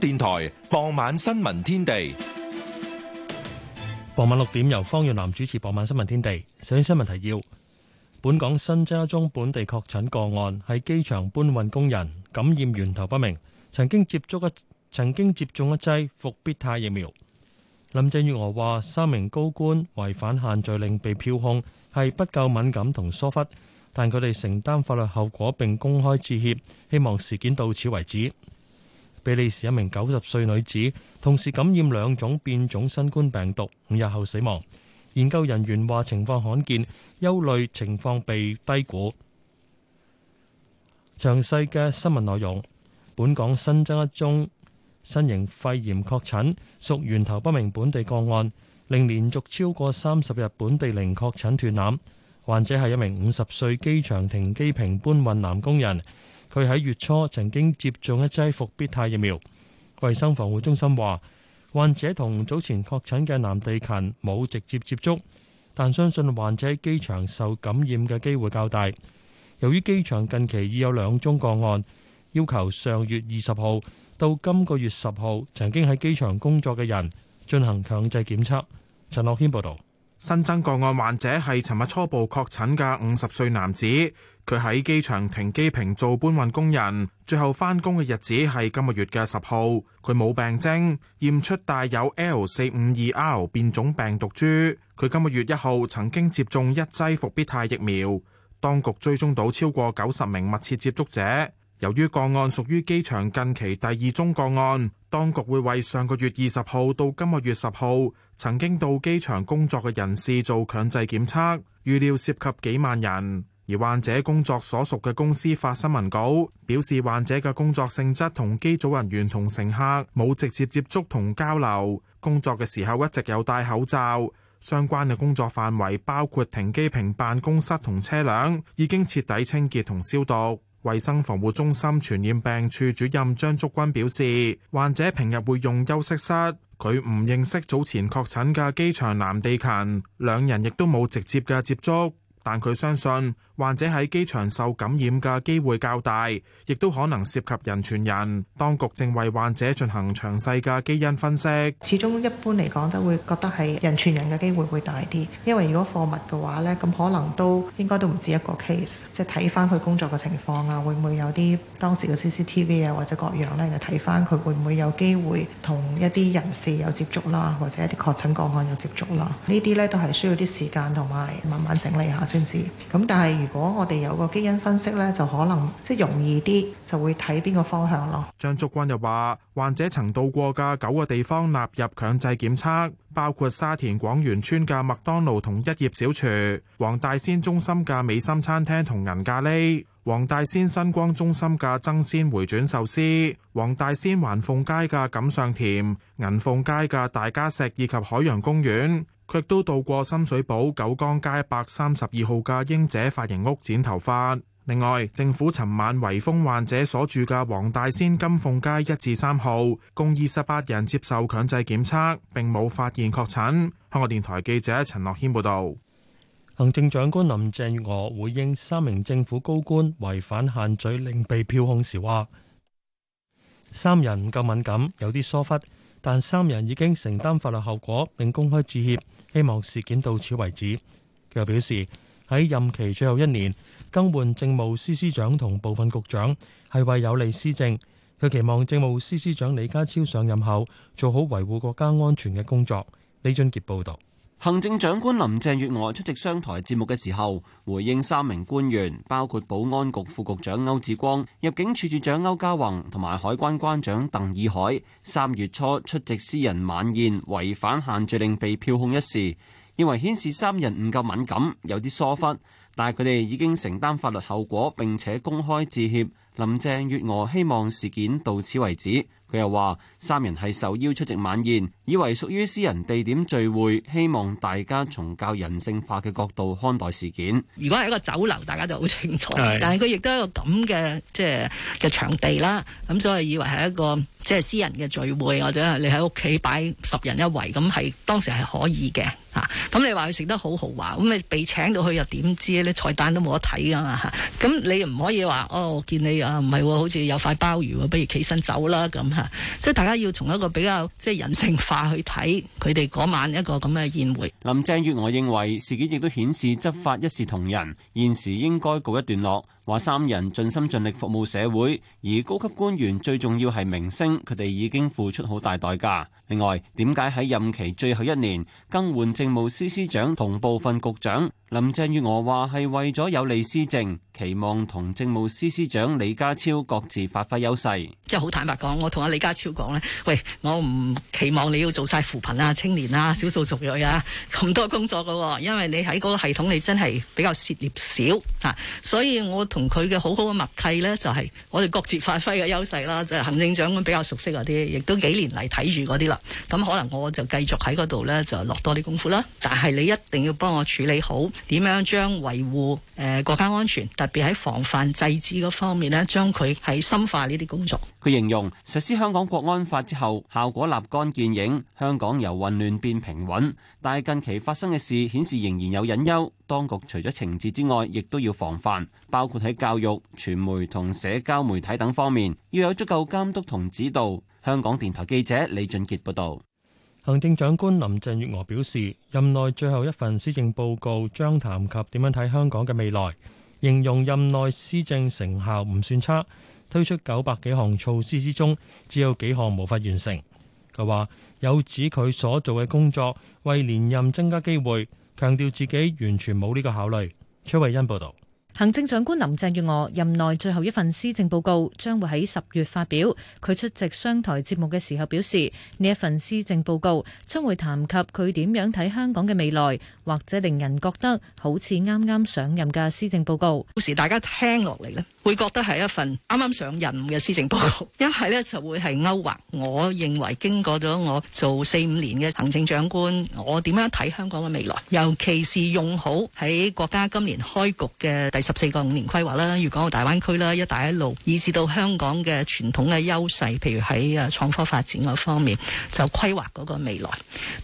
電台傍晚新聞天地。傍晚六點由方耀南主持《傍晚新聞天地》。首先新聞提要：本港新增一宗本地確診個案，喺機場搬運工人感染源頭不明，曾經接觸嘅曾經接種一劑復必泰疫苗。林鄭月娥話：三名高官違反限聚令被票控，係不夠敏感同疏忽，但佢哋承擔法律後果並公開致歉，希望事件到此為止。比利時一名九十歲女子同時感染兩種變種新冠病毒，五日後死亡。研究人員話情況罕見，憂慮情況被低估。詳細嘅新聞內容，本港新增一宗新型肺炎確診，屬源頭不明本地個案，令連續超過三十日本地零確診斷纜。患者係一名五十歲機場停機坪搬運男工人。佢喺月初曾經接種一劑復必泰疫苗。衞生防護中心話，患者同早前確診嘅南地勤冇直接接觸，但相信患者喺機場受感染嘅機會較大。由於機場近期已有兩宗個案，要求上月二十號到今個月十號曾經喺機場工作嘅人進行強制檢測。陳樂謙報道。新增個案患者係尋日初步確診嘅五十歲男子，佢喺機場停機坪做搬運工人，最後返工嘅日子係今個月嘅十號，佢冇病徵，驗出帶有 L 四五二 R 變種病毒株，佢今個月一號曾經接種一劑復必泰疫苗，當局追蹤到超過九十名密切接觸者。由於個案屬於機場近期第二宗個案，當局會為上個月二十號到今個月十號曾經到機場工作嘅人士做強制檢測，預料涉及幾萬人。而患者工作所屬嘅公司發新聞稿，表示患者嘅工作性質同機組人員同乘客冇直接接觸同交流，工作嘅時候一直有戴口罩。相關嘅工作範圍包括停機坪、辦公室同車輛，已經徹底清潔同消毒。衛生防護中心傳染病處主任張竹君表示，患者平日會用休息室，佢唔認識早前確診嘅機場南地勤，兩人亦都冇直接嘅接觸，但佢相信，患者喺機場受感染嘅機會較大，亦都可能涉及人傳人。當局正為患者進行詳細嘅基因分析。始終一般嚟講都會覺得係人傳人嘅機會會大啲，因為如果貨物嘅話呢，咁可能都應該都唔止一個 case。即係睇翻佢工作嘅情況啊，會唔會有啲當時嘅 CCTV 啊或者各樣呢，就睇翻佢會唔會有機會同一啲人士有接觸啦，或者一啲確診個案有接觸啦。呢啲呢都係需要啲時間同埋慢慢整理一下先至。咁但係如果我哋有個基因分析咧，就可能即容易啲，就會睇邊個方向咯。張竹君又話：患者曾到過嘅九個地方，納入強制檢測，包括沙田廣源村嘅麥當勞同一葉小廚、黃大仙中心嘅美心餐廳同銀咖喱、黃大仙新光中心嘅爭鮮回轉壽司、黃大仙環鳳街嘅錦上甜、銀鳳街嘅大家食以及海洋公園。卻都到過深水埗九江街一百三十二號嘅英姐髮型屋剪頭髮。另外，政府尋晚圍封患者所住嘅黃大仙金鳳街一至三號，共二十八人接受強制檢測，並冇發現確診。香港電台記者陳樂謙報道。行政長官林鄭月娥回應三名政府高官違反限聚令被票控時，話三人唔夠敏感，有啲疏忽。但三人已經承擔法律後果並公開致歉，希望事件到此為止。佢又表示喺任期最後一年更換政務司司長同部分局長係為有利施政。佢期望政務司司長李家超上任後做好維護國家安全嘅工作。李俊傑報導。行政長官林鄭月娥出席商台節目嘅時候，回應三名官員，包括保安局副局長歐志光、入境處處長歐嘉宏同埋海關關長鄧以海三月初出席私人晚宴違反限聚令被票控一事，認為顯示三人唔夠敏感，有啲疏忽，但係佢哋已經承擔法律後果，並且公開致歉。林鄭月娥希望事件到此為止。佢又話：三人係受邀出席晚宴，以為屬於私人地點聚會，希望大家從較人性化嘅角度看待事件。如果係一個酒樓，大家就好清楚。是但係佢亦都係一個咁嘅即係嘅場地啦。咁所以以為係一個即係私人嘅聚會，或者你喺屋企擺十人一圍，咁係當時係可以嘅。嚇、啊，咁你話佢食得好豪華，咁你被請到去又點知咧？你菜單都冇得睇啊嘛！咁你唔可以話哦，我見你啊，唔係、哦、好似有塊鮑魚、啊，不如企身走啦咁。啊。即係大家要從一個比較即係人性化去睇佢哋嗰晚一個咁嘅宴會。林鄭月娥認為，事件亦都顯示執法一視同仁，現時應該告一段落。話三人盡心盡力服務社會，而高級官員最重要係明星，佢哋已經付出好大代價。另外，點解喺任期最後一年更換政務司司長同部分局長？林鄭月娥話係為咗有利施政，期望同政務司司長李家超各自發揮優勢。即係好坦白講，我同阿李家超講咧，喂，我唔期望你要做晒扶貧啊、青年啦、少數族裔啊咁多工作噶，因為你喺嗰個系統你真係比較涉獵少，所以我同佢嘅好好嘅默契呢，就係我哋各自發揮嘅優勢啦。就係行政長官比較熟悉嗰啲，亦都幾年嚟睇住嗰啲啦。咁可能我就繼續喺嗰度呢，就落多啲功夫啦。但係你一定要幫我處理好，點樣將維護誒國家安全，特別喺防範制止嗰方面呢，將佢喺深化呢啲工作。佢形容實施香港國安法之後，效果立竿見影，香港由混亂變平穩，但係近期發生嘅事顯示仍然有隱憂。當局除咗懲治之外，亦都要防範，包括喺教育、傳媒同社交媒體等方面，要有足夠監督同指導。香港電台記者李俊傑報道。行政長官林鄭月娥表示，任內最後一份施政報告將談及點樣睇香港嘅未來，形容任內施政成效唔算差，推出九百幾項措施之中，只有幾項無法完成。佢話有指佢所做嘅工作為連任增加機會。強調自己完全冇呢個考慮。崔慧欣報道，行政長官林鄭月娥任內最後一份施政報告將會喺十月發表。佢出席商台節目嘅時候表示，呢一份施政報告將會談及佢點樣睇香港嘅未來，或者令人覺得好似啱啱上任嘅施政報告。到時大家聽落嚟呢。會覺得係一份啱啱上任嘅施政報告，一係呢，就會係勾畫。我認為經過咗我做四五年嘅行政長官，我點樣睇香港嘅未來，尤其是用好喺國家今年開局嘅第十四個五年規劃啦，粵港澳大灣區啦，一帶一路，以至到香港嘅傳統嘅優勢，譬如喺啊創科發展嗰方面，就規劃嗰個未來。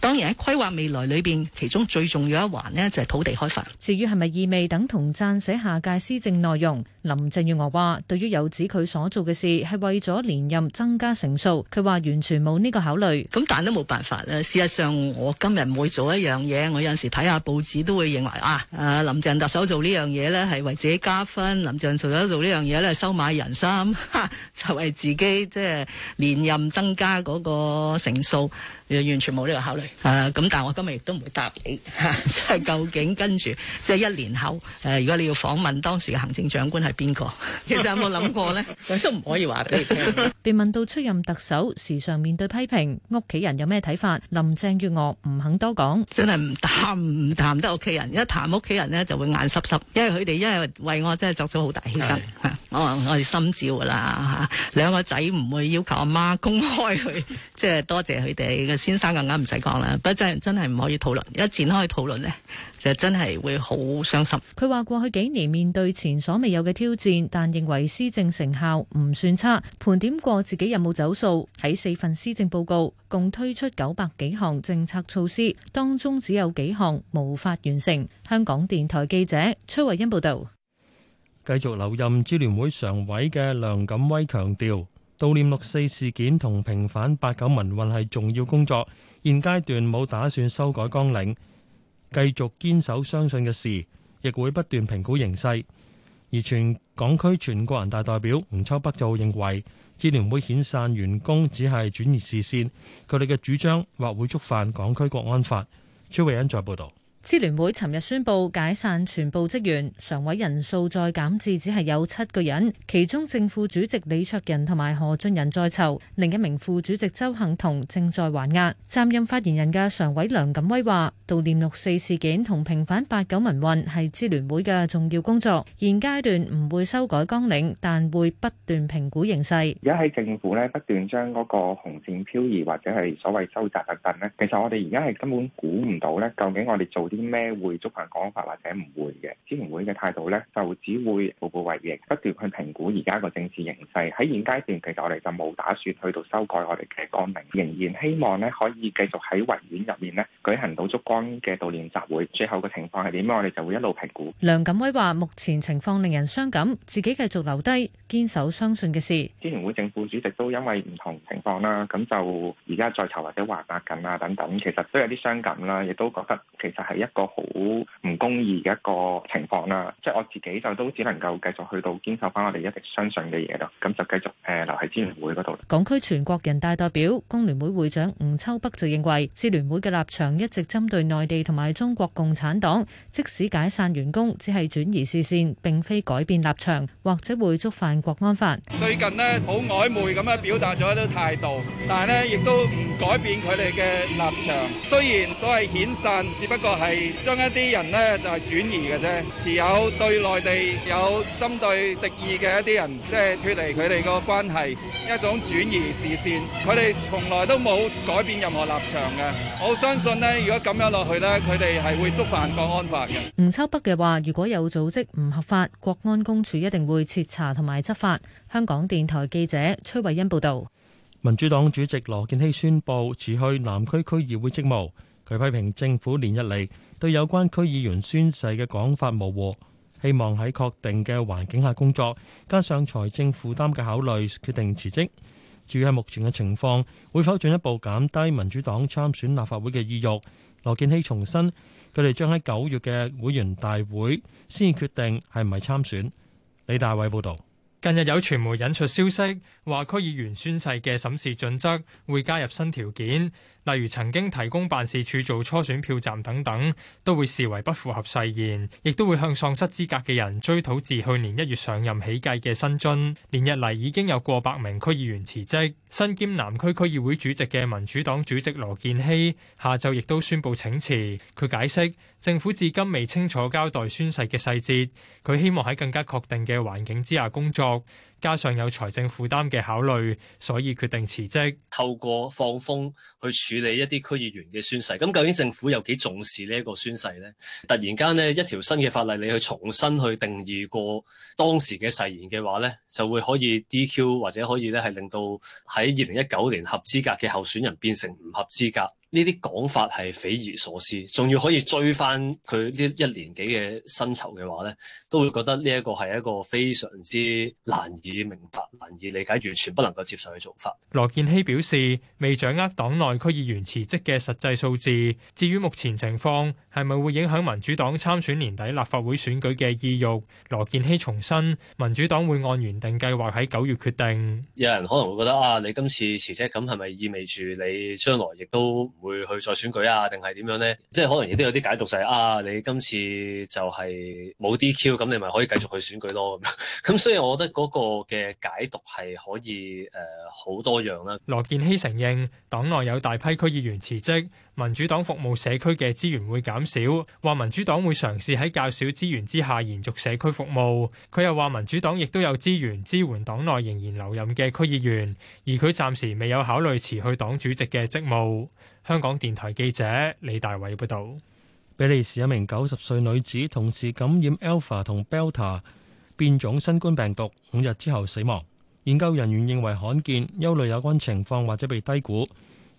當然喺規劃未來裏面，其中最重要的一環呢，就係土地開發。至於係咪意味等同撰寫下屆施政內容？林鄭月娥話，對於有指佢所做嘅事係為咗連任增加成數，佢話完全冇呢個考慮，咁但都冇辦法啦。事實上，我今日唔會做一樣嘢。我有陣時睇下報紙都會認為啊，誒林鄭特首做呢樣嘢咧，係為自己加分，林鄭特首做呢樣嘢咧，收買人心，哈哈，就為自己即係連任增加嗰個成數，完全冇呢個考慮啊，咁但係我今日亦都唔會答你，即係 究竟，跟住即係一年後誒如果你要訪問當時嘅行政長官係邊個？其實有冇諗過咧？都唔 可以話俾你聽。 被問到出任特首時常面對批評，屋企人有咩睇法？林鄭月娥唔肯多講，真係唔談唔談得屋企人，一談屋企人咧就會眼濕濕，因為佢哋因為為我真係作咗好大犧牲吓。我我哋心照噶啦，兩個仔唔會要求阿媽公開佢。即係多謝佢哋嘅，先生更加唔使講啦，真不真真係唔可以討論，一展開討論咧就真係會好傷心。佢話過去幾年面對前所未有嘅挑戰，但認為施政成效唔算差。盤點過自己任務走數，喺四份施政報告共推出九百幾項政策措施，當中只有幾項無法完成。香港電台記者崔慧欣報道。繼續留任支聯會常委嘅梁錦威強調，悼念六四事件同平反八九民運係重要工作，現階段冇打算修改綱領，繼續堅守相信嘅事，亦會不斷評估形勢。而全港區全國人大代表吳秋北就認為支聯會遣散員工只係轉移視線，佢哋嘅主張或會觸犯港區國安法。崔慧欣再報道。支聯會尋日宣布解散全部職員，常委人數再減至只係有七個人，其中正副主席李卓人同埋何俊仁在囚，另一名副主席鄒幸彤正在還押。擔任發言人嘅常委梁錦威話：悼念六四事件同平反八九民運係支聯會嘅重要工作，現階段唔會修改綱領，但會不斷評估形勢。而家喺政府咧不斷將嗰個紅線漂移或者係所謂收窄等等咧，其實我哋而家係根本估唔到咧，究竟我哋做啲咩會觸犯講法或者唔會嘅，支聯會嘅態度呢就只會步步為營，不斷去評估而家個政治形勢。喺現階段，其實我哋就冇打算去到修改我哋嘅講明，仍然希望呢可以繼續喺維園入面呢舉行到燭光嘅悼念集會。最後嘅情況係點，我哋就會一路評估。梁錦威話：目前情況令人傷感，自己繼續留低，堅守相信嘅事。支聯會政府。主席都因為唔同情況啦，咁就而家在囚或者還押緊啊等等，其實都有啲傷感啦，亦都覺得其實係一個好唔公義嘅一個情況啦。即係我自己就都只能夠繼續去到堅守返我哋一直相信嘅嘢咯。咁就繼續誒留喺支聯會嗰度。港區全國人大代表、工聯會會長吳秋北就認為，支聯會嘅立場一直針對內地同埋中國共產黨，即使解散員工，只係轉移視線，並非改變立場，或者會觸犯國安法。最近呢好曖昧。會咁樣表達咗一啲態度，但係呢亦都唔改變佢哋嘅立場。雖然所謂遣散，只不過係將一啲人呢就係轉移嘅啫，持有對內地有針對敵意嘅一啲人，即係脫離佢哋個關係，一種轉移視線。佢哋從來都冇改變任何立場嘅。我相信呢，如果咁樣落去呢，佢哋係會觸犯國安法嘅。吳秋北嘅話：如果有組織唔合法，國安公署一定會徹查同埋執法。香港電台記者崔慧欣報道，民主黨主席羅健熙宣布辭去南區區議會職務。佢批評政府連日嚟對有關區議員宣誓嘅講法模糊，希望喺確定嘅環境下工作，加上財政負擔嘅考慮，決定辭職。至於喺目前嘅情況會否進一步減低民主黨參選立法會嘅意欲，羅健熙重申佢哋將喺九月嘅會員大會先決定係唔係參選。李大偉報道。近日有傳媒引述消息，話區議員宣誓嘅審視準則會加入新條件，例如曾經提供辦事處做初選票站等等，都會視為不符合誓言，亦都會向喪失資格嘅人追討自去年一月上任起計嘅申津。連日嚟已經有過百名區議員辭職，新兼南區區議會主席嘅民主黨主席羅建熙下晝亦都宣布請辭。佢解釋。政府至今未清楚交代宣誓嘅細節，佢希望喺更加確定嘅環境之下工作，加上有財政負擔嘅考慮，所以決定辭職，透過放風去處理一啲區議員嘅宣誓。咁究竟政府有幾重視呢一個宣誓咧？突然間咧一條新嘅法例，你去重新去定義過當時嘅誓言嘅話咧，就會可以 DQ 或者可以咧係令到喺二零一九年合資格嘅候選人變成唔合資格。呢啲講法係匪夷所思，仲要可以追翻佢呢一年幾嘅薪酬嘅話呢都會覺得呢一個係一個非常之難以明白、難以理解、完全不能夠接受嘅做法。羅建熙表示，未掌握黨內區議員辭職嘅實際數字，至於目前情況，係咪會影響民主黨參選年底立法會選舉嘅意欲？羅健熙重申，民主黨會按原定計劃喺九月決定。有人可能會覺得啊，你今次辭職咁，係咪意味住你將來亦都唔會去再選舉啊？定係點樣呢？即係可能亦都有啲解讀就係啊，你今次就係冇 DQ，咁你咪可以繼續去選舉咯，咁咁 所以，我覺得嗰個嘅解讀係可以誒好多樣啦。羅健熙承認，黨內有大批區議員辭職。民主黨服務社區嘅資源會減少，話民主黨會嘗試喺較少資源之下延續社區服務。佢又話民主黨亦都有資源支援黨內仍然留任嘅區議員，而佢暫時未有考慮辭去黨主席嘅職務。香港電台記者李大偉報道。比利時一名九十歲女子同時感染 Alpha 同 Beta 變種新冠病毒，五日之後死亡。研究人員認為罕見，憂慮有關情況或者被低估。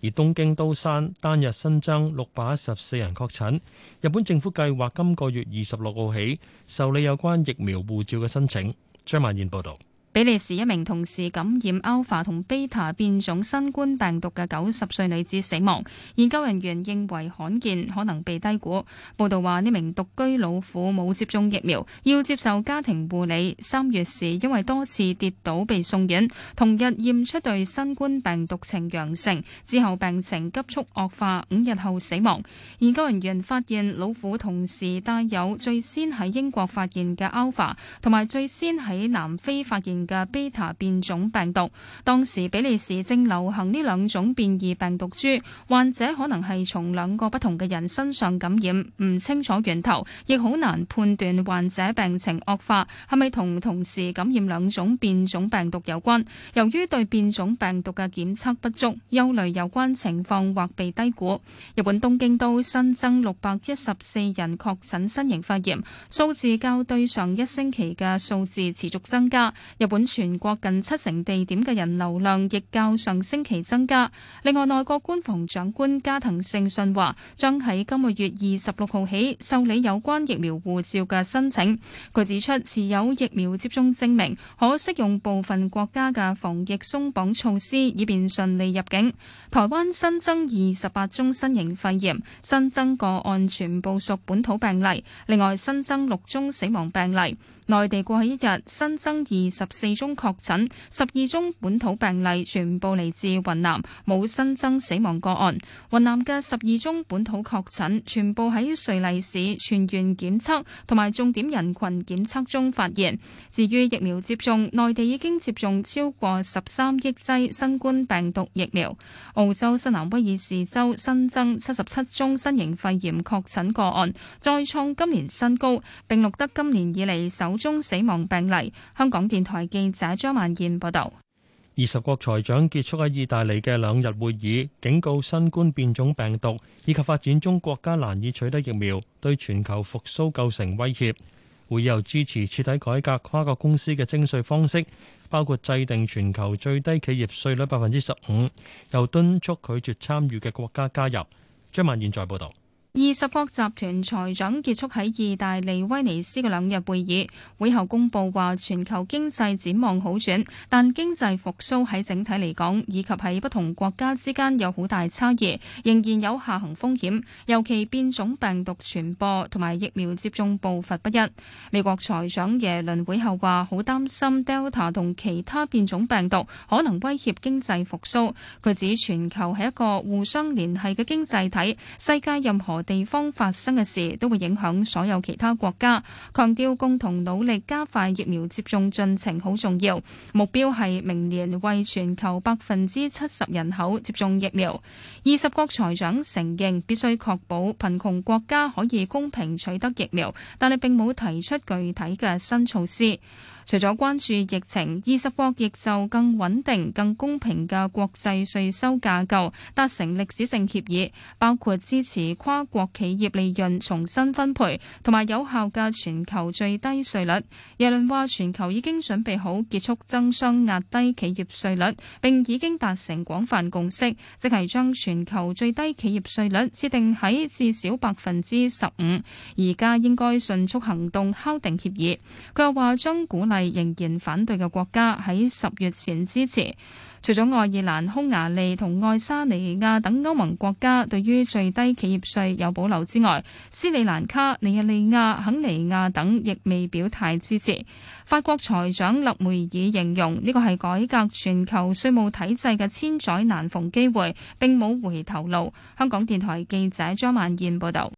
而東京都山單日新增六百一十四人確診，日本政府計劃今個月二十六號起受理有關疫苗護照嘅申請。張曼燕報道。比利時一名同時感染 Alpha 同 Beta 變種新冠病毒嘅九十歲女子死亡。研究人員認為罕見，可能被低估。報道話呢名獨居老婦冇接種疫苗，要接受家庭護理。三月時因為多次跌倒被送院，同日驗出對新冠病毒呈陽性，之後病情急速惡化，五日後死亡。研究人員發現老婦同時帶有最先喺英國發現嘅 Alpha，同埋最先喺南非發現。嘅 beta 變種病毒，當時比利時正流行呢兩種變異病毒株，患者可能係從兩個不同嘅人身上感染，唔清楚源頭，亦好難判斷患者病情惡化，係咪同同時感染兩種變種病毒有關，由於對變種病毒嘅檢測不足，憂慮有關情況或被低估。日本東京都新增六百一十四人確診新型肺炎，數字較對上一星期嘅數字持續增加。日本。本全國近七成地點嘅人流量亦較上星期增加。另外，內閣官房長官加藤勝信話，將喺今個月二十六號起受理有關疫苗護照嘅申請。佢指出，持有疫苗接種證明可適用部分國家嘅防疫鬆綁措施，以便順利入境。台灣新增二十八宗新型肺炎新增個案，全部屬本土病例。另外，新增六宗死亡病例。內地過去一日新增二十。四宗確診，十二宗本土病例全部嚟自雲南，冇新增死亡個案。雲南嘅十二宗本土確診全部喺瑞麗市全員檢測同埋重點人群檢測中發現。至於疫苗接種，內地已經接種超過十三億劑新冠病毒疫苗。澳洲新南威爾士州新增七十七宗新型肺炎確診個案，再創今年新高，並錄得今年以來首宗死亡病例。香港電台。記者張萬健報道：二十國財長結束喺意大利嘅兩日會議，警告新冠變種病毒以及發展中國家難以取得疫苗，對全球復甦構成威脅。會又支持徹底改革跨國公司嘅徵稅方式，包括制定全球最低企業稅率百分之十五，由敦促拒絕參與嘅國家加入。張萬健再報道。二十國集團財長結束喺意大利威尼斯嘅兩日會議，會後公佈話全球經濟展望好轉，但經濟復甦喺整體嚟講，以及喺不同國家之間有好大差異，仍然有下行風險。尤其變種病毒傳播同埋疫苗接種步伐不一。美國財長耶倫會後話好擔心 Delta 同其他變種病毒可能威脅經濟復甦。佢指全球係一個互相聯繫嘅經濟體，世界任何地方發生嘅事都會影響所有其他國家，強調共同努力加快疫苗接種進程好重要。目標係明年為全球百分之七十人口接種疫苗。二十國財長承認必須確保貧窮國家可以公平取得疫苗，但係並冇提出具體嘅新措施。除咗關注疫情，二十國亦就更穩定、更公平嘅國際稅收架構達成歷史性協議，包括支持跨國企業利潤重新分配，同埋有效嘅全球最低稅率。耶倫話全球已經準備好結束競相壓低企業稅率，並已經達成廣泛共識，即係將全球最低企業稅率設定喺至少百分之十五。而家應該迅速行動敲定協議。佢又話將鼓勵係仍然反對嘅國家喺十月前支持，除咗愛爾蘭匈牙利、同愛沙尼亞等歐盟國家對於最低企業稅有保留之外，斯里蘭卡、尼日利亞、肯尼亞等亦未表態支持。法國財長勒梅爾形容呢個係改革全球稅務體制嘅千載難逢機會，並冇回頭路。香港電台記者張曼燕報道。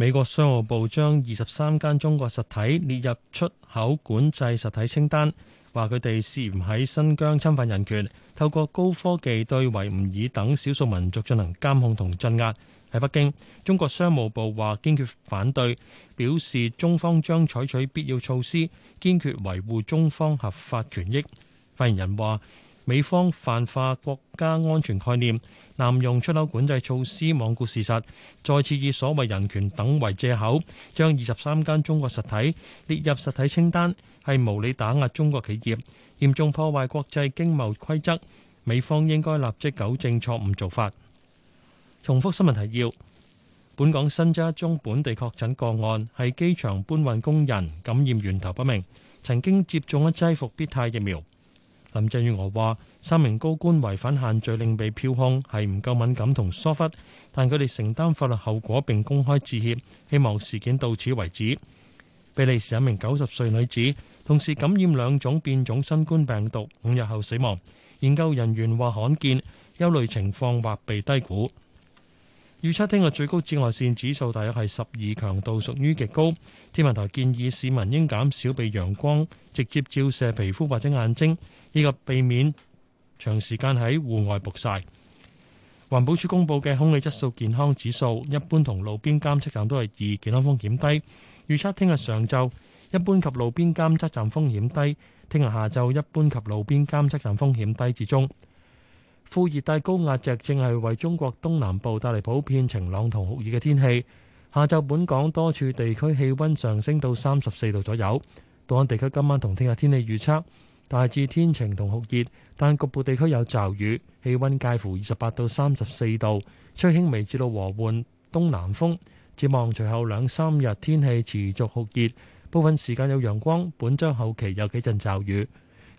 美國商務部將二十三間中國實體列入出口管制實體清單，話佢哋涉嫌喺新疆侵犯人權，透過高科技對維吾爾等少數民族進行監控同鎮壓。喺北京，中國商務部話堅決反對，表示中方將採取必要措施，堅決維護中方合法權益。發言人話：美方泛化國家安全概念，濫用出口管制措施，罔顧事實，再次以所謂人權等為藉口，將二十三間中國實體列入實體清單，係無理打壓中國企業，嚴重破壞國際經貿規則。美方應該立即糾正錯誤做法。重複新聞提要：本港新增一宗本地確診個案，係機場搬運工人感染源頭不明，曾經接種一劑復必泰疫苗。林鄭月娥話：三名高官違反限聚令被票控係唔夠敏感同疏忽，但佢哋承擔法律後果並公開致歉，希望事件到此為止。比利時一名九十歲女子，同時感染兩種變種新冠病毒，五日後死亡。研究人員話罕見，憂慮情況或被低估。預測聽日最高紫外線指數大約係十二，強度屬於極高。天文台建議市民應減少被陽光直接照射皮膚或者眼睛，以及避免長時間喺戶外曝曬。環保署公布嘅空氣質素健康指數，一般同路邊監測站都係二，健康風險低。預測聽日上晝一般及路邊監測站風險低，聽日下晝一般及路邊監測站風險低至中。副熱帶高壓脊正係為中國東南部帶嚟普遍晴朗同酷熱嘅天氣。下晝本港多處地區氣温上升到三十四度左右。本港地區今晚同聽日天氣預測大致天晴同酷熱，但局部地區有驟雨，氣温介乎二十八到三十四度，吹輕微至到和緩東南風。展望隨後兩三日天氣持續酷熱，部分時間有陽光。本週後期有幾陣驟雨。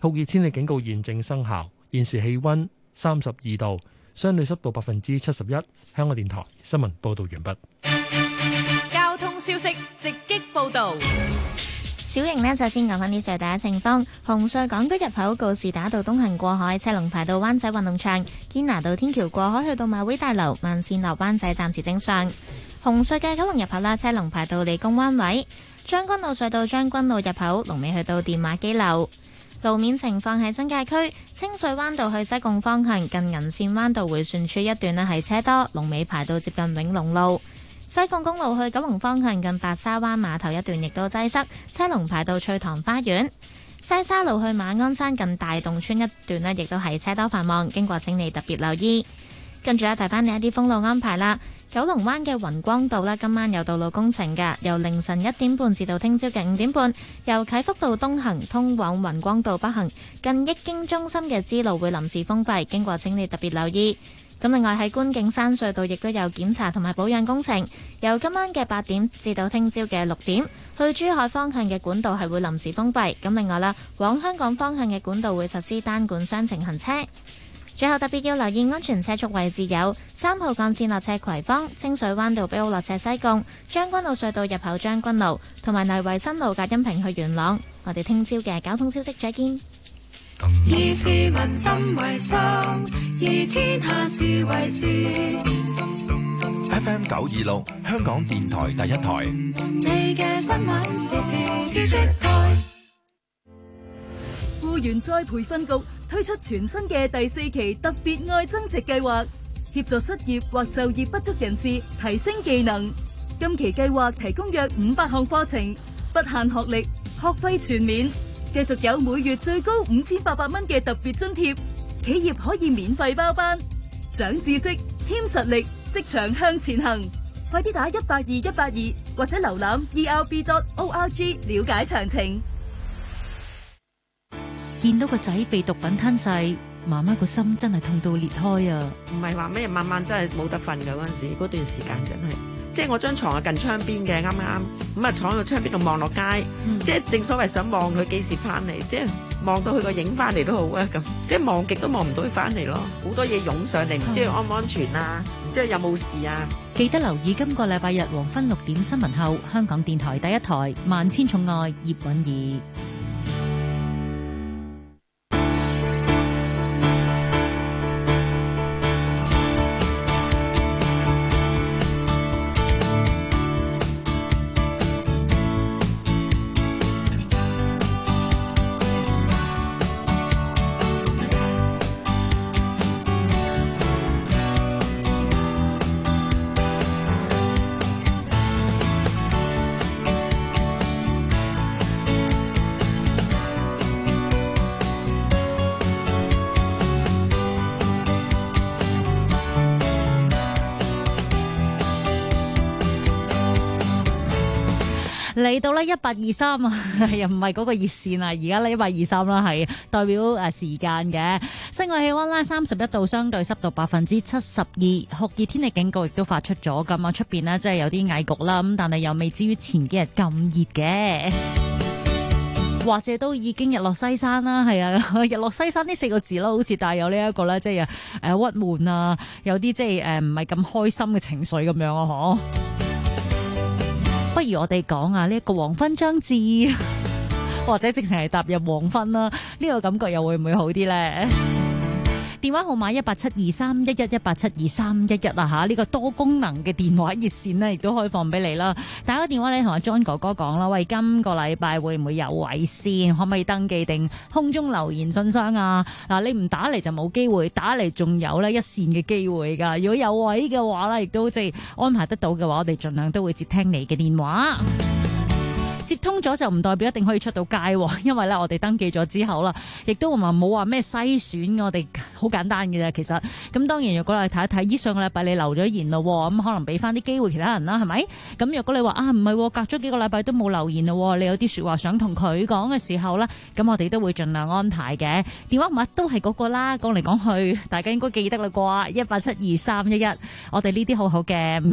酷熱天氣警告現正生效，現時氣温。三十二度，相對濕度百分之七十一。香港電台新聞報道完畢。交通消息直擊報道。小型呢就先講翻啲最大嘅情況。紅隧港島入口告士打道東行過海，車龍排到灣仔運動場；堅拿道天橋過海去到馬會大樓，慢線落灣仔暫時正常。紅隧嘅九龍入口啦，車龍排到理工灣位；將軍澳隧道將軍澳入口，龍尾去到電馬機樓。路面情況喺新界區清水灣道去西貢方向，近銀線灣道回旋處一段咧係車多，龍尾排到接近永隆路；西貢公路去九龍方向近白沙灣碼頭一段亦都擠塞，車龍排到翠塘花園；西沙路去馬鞍山近大洞村一段呢，亦都係車多繁忙，經過請你特別留意。跟住咧提翻你一啲封路安排啦。九龍灣嘅雲光道呢，今晚有道路工程嘅，由凌晨一點半至到聽朝嘅五點半，由啟福道東行通往雲光道北行，近億京中心嘅支路會臨時封閉，經過請你特別留意。咁另外喺觀景山隧道亦都有檢查同埋保養工程，由今晚嘅八點至到聽朝嘅六點，去珠海方向嘅管道係會臨時封閉。咁另外啦，往香港方向嘅管道會實施單管雙程行車。最後特別要留意安全車速位置有三號幹線落斜葵芳，清水灣道，比奧落斜西貢，將軍澳隧道入口將軍路，同埋泥圍新路隔音屏去元朗。我哋聽朝嘅交通消息再見。以市民心為心，以天下事為先。F M 九二六香港電台第一台。僱員再培訓局推出全新嘅第四期特別愛增值計劃，協助失業或就業不足人士，提升技能。今期計劃提供約500項課程，不限學歷，學費全免，繼續有每月最高5800蚊嘅特別津貼，企業可以免費包班，長知識，添實力，職場向前行。快啲打182-182，或者瀏覽 ERB.org 了解詳情。見到個仔被毒品吞噬，媽媽個心真係痛到裂開啊！唔係話咩，晚晚真係冇得瞓噶嗰陣時，嗰段時間真係。即係我張床啊近窗邊嘅，啱啱咁啊，坐喺個窗邊度望落街，嗯、即係正所謂想望佢幾時翻嚟，即係望到佢個影翻嚟都好啊咁，即係望極都望唔到佢翻嚟咯。好多嘢湧上嚟，唔知佢安唔安全啊，唔、嗯、知有冇事啊。記得留意今個禮拜日黃昏六點新聞後，香港電台第一台《萬千寵愛》葉韻儀》。嚟到呢，一八二三啊，又唔係嗰個熱線啊，而家呢，一八二三啦，係代表誒時間嘅。室外氣溫啦，三十一度，相對濕度百分之七十二，酷熱天氣警告亦都發出咗咁啊。出邊呢，即係有啲翳焗啦，咁但係又未至於前幾日咁熱嘅。 或者都已經日落西山啦。係啊，日落西山呢四個字啦，好似帶有呢、這、一個咧，即係誒鬱悶啊，有啲即係誒唔係咁開心嘅情緒咁樣啊，嗬。不如我哋講下呢一個黃昏將至，或者直情係踏入黃昏啦，呢個感覺又會唔會好啲咧？電話號碼一八七二三一一一八七二三一一，啊吓，呢個多功能嘅電話熱線咧，亦都開放俾你啦。打個電話，你同阿 John 哥哥講啦，喂，今個禮拜會唔會有位先？可唔可以登記定空中留言信箱啊？嗱，你唔打嚟就冇機會，打嚟仲有呢一線嘅機會噶。如果有位嘅話呢，亦都即係安排得到嘅話，我哋盡量都會接聽你嘅電話。接通咗就唔代表一定可以出到街，因為咧我哋登記咗之後啦，亦都唔係冇話咩篩選，我哋好簡單嘅啫。其實咁當然，若果你睇一睇，依上個禮拜你留咗言咯，咁可能俾翻啲機會其他人啦，係咪？咁如果你話啊唔係、啊，隔咗幾個禮拜都冇留言咯，你有啲說話想同佢講嘅時候呢，咁我哋都會盡量安排嘅。電話密碼都係嗰個啦，講嚟講去，大家應該記得啦啩？一八七二三一一，我哋呢啲好好嘅。